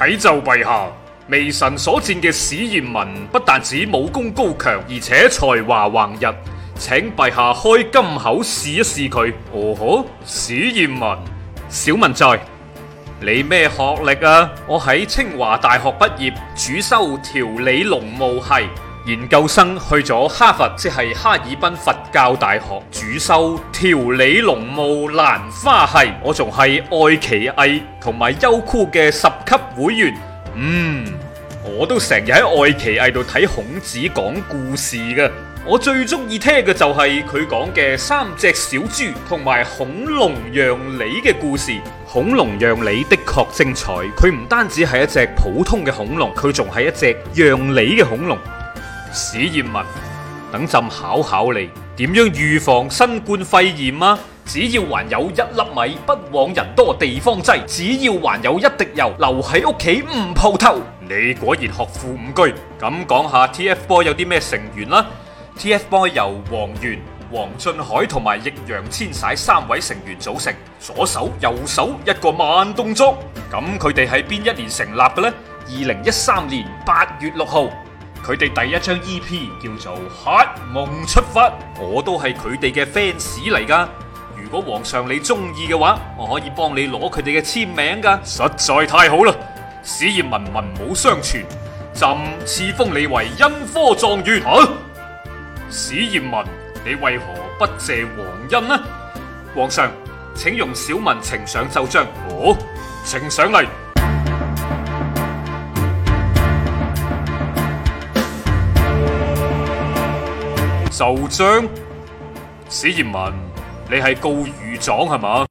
啟奏陛下，微臣所見嘅史艷文不但只武功高強，而且才華橫溢。請陛下開金口試一試佢。哦呵，史艷文，小文在，你咩學歷啊？我喺清華大學畢業，主修調理農務系。研究生去咗哈佛，即係哈爾濱佛教大學主修調理龍霧蘭花系。我仲係愛奇藝同埋優酷嘅十級會員，嗯，我都成日喺愛奇藝度睇孔子講故事嘅。我最中意聽嘅就係佢講嘅三隻小豬同埋恐龍讓梨嘅故事。恐龍讓梨的確精彩，佢唔單止係一隻普通嘅恐龍，佢仲係一隻讓梨嘅恐龍。史艷文，等朕考考你，點樣預防新冠肺炎啊？只要還有一粒米，不往人多地方擠；只要還有一滴油，留喺屋企唔鋪頭。你果然學富五居。咁講下 TF Boy 有啲咩成員啦？TF Boy 由王源、王俊凱同埋易烊千璽三位成員組成。左手右手一個慢動作。咁佢哋喺邊一年成立嘅呢？二零一三年八月六號。佢哋第一張 E.P. 叫做《黑夢出發》，我都係佢哋嘅 fans 嚟噶。如果皇上你中意嘅話，我可以幫你攞佢哋嘅簽名噶。實在太好啦！史艷文文武雙全，朕賜封你為恩科狀元啊！史艷文，你為何不謝皇恩呢？皇上，請容小民呈上奏章。哦，呈上嚟。就漿史艷文，你係告御狀係嘛？